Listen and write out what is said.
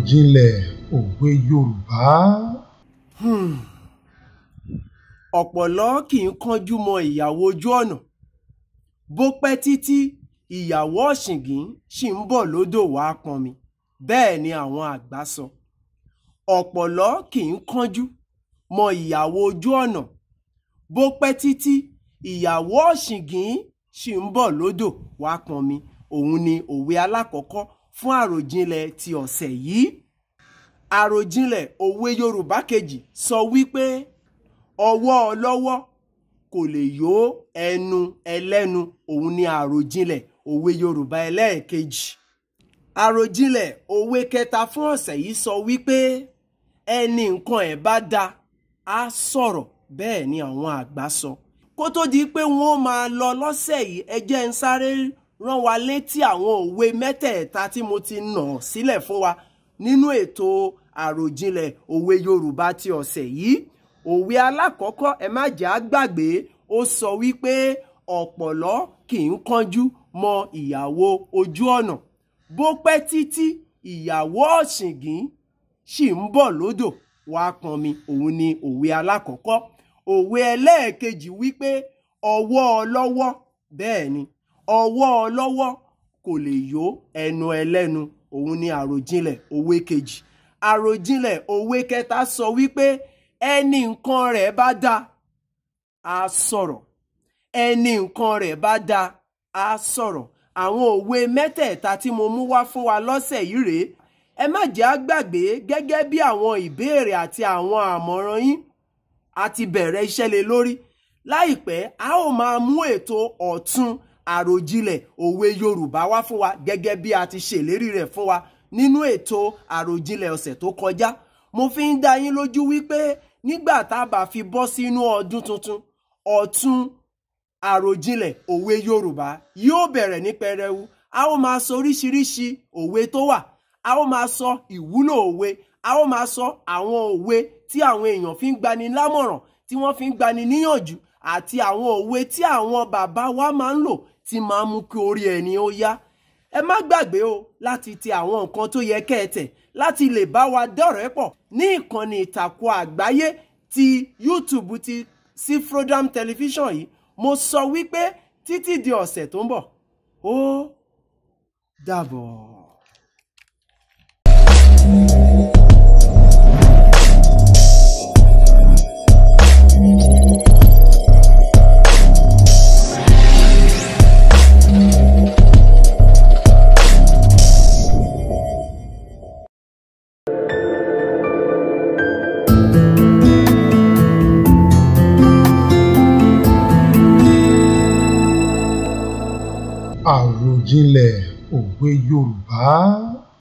àròjinlẹ̀ òwe Yorùbá. Hmm. ọ̀pọ̀lọ́ kì í kánjú mọ ìyàwó ojú ọ̀nà bó pẹ́ títí ìyàwó ọ̀ṣìngín ṣì ń bọ̀ lódò wá pọnmi bẹ́ẹ̀ ni àwọn àgbà sọ ọ̀pọ̀lọ́ kì í kánjú mọ ìyàwó ojú ọ̀nà bó pẹ́ títí ìyàwó ọ̀ṣìngín ṣì ń bọ̀ lódò wá pọnmi òun ni òwe alákọ̀ọ́kọ́ fún àròjinlẹ̀ ti ọ̀sẹ̀ yìí àròjinlẹ̀ òwe Yorùbá kejì sọ wípé ọwọ́ ọlọ́wọ́ kò lè yó ẹnu ẹlẹ́nu òun ni àròjinlẹ̀ òwe Yorùbá ẹlẹ́ẹ̀kejì àròjinlẹ̀ òwe kẹta fún ọ̀sẹ̀ yìí sọ wípé ẹni nǹkan ẹ̀ bá da á sọ̀rọ̀ bẹ́ẹ̀ ni àwọn àgbà sọ kó tó di pé wọ́n máa lọ lọ́sẹ̀ yìí ẹ ń sáré rán wa létí àwọn òwe mẹ́tẹ̀ẹ̀ta tí mo ti nà sílẹ̀ fún wa nínú ètò àròjinlẹ̀ òwe Yorùbá ti ọ̀sẹ̀ yìí òwe alákọ̀ọ́kọ́ ẹ má jẹ́ á gbàgbé ó sọ wípé ọ̀pọ̀lọ́ kì í kánjú mọ ìyàwó ojú ọ̀nà bó pẹ́ títí ìyàwó ọ̀ṣìngín sì ń bọ̀ lódò wàá pọnmi òun ni òwe alákọ̀ọ́kọ́ òwe ẹlẹ́ẹ̀kejì wípé ọwọ́ ọlọ́wọ́ bẹ́ẹ̀ ni ọwọ́ ọlọ́wọ́ kò lè yó ẹnu ẹlẹ́nu òun ni àròjinlẹ̀ òwe kejì àròjinlẹ̀ òwe kẹta sọ wípé ẹni nǹkan rẹ̀ bá da á sọ̀rọ̀ ẹni nǹkan rẹ̀ bá da á sọ̀rọ̀ àwọn òwe mẹ́tẹ̀ẹ̀ta tí mo mú wá fún wa lọ́sẹ̀ yìí rèé ẹ má jẹ́ á gbàgbé gẹ́gẹ́ bí àwọn ìbéèrè àti àwọn àmọ̀ràn yín a ti bẹ̀rẹ̀ iṣẹ́ lé lórí láìpẹ́ a ó máa mú ètò ọ̀tun àròjinlẹ̀ òwe Yorùbá wá fún wa gẹ́gẹ́ bí a ti ṣèlérí rẹ̀ fún wa nínú ètò àròjinlẹ̀ ọ̀sẹ̀ tó kọjá mo fi ń dá yín lójú wípé nígbà tá a bá fi bọ́ sínú ọdún tuntun ọ̀tun àròjinlẹ̀ òwe Yorùbá yóò bẹ̀rẹ̀ ní pẹrẹwu a ó máa sọ oríṣiríṣi òwe tó wà a ó máa sọ ìwúlò òwe a ó máa sọ àwọn òwe tí àwọn èèyàn fi ń gbani lámọ̀ràn tí wọ́n fi ń gbani níyànjú àti àwọn òwe tí àwọn bàbá wa máa ń lò tí máa ń mú kí orí ẹni ó yá ẹ má gbàgbé o láti tẹ àwọn nǹkan tó yẹ kẹ́ ẹ tẹ̀ láti lè bá wa dọ̀rẹ́ pọ̀ ní ìkànnì ìtàkùn àgbáyé ti YouTube ti Sifrodam Frodam Television yìí mo sọ wípé títí di ọ̀sẹ̀ tó ń bọ̀ ó dàbọ̀. àròjinlẹ̀ òwe Yorùbá.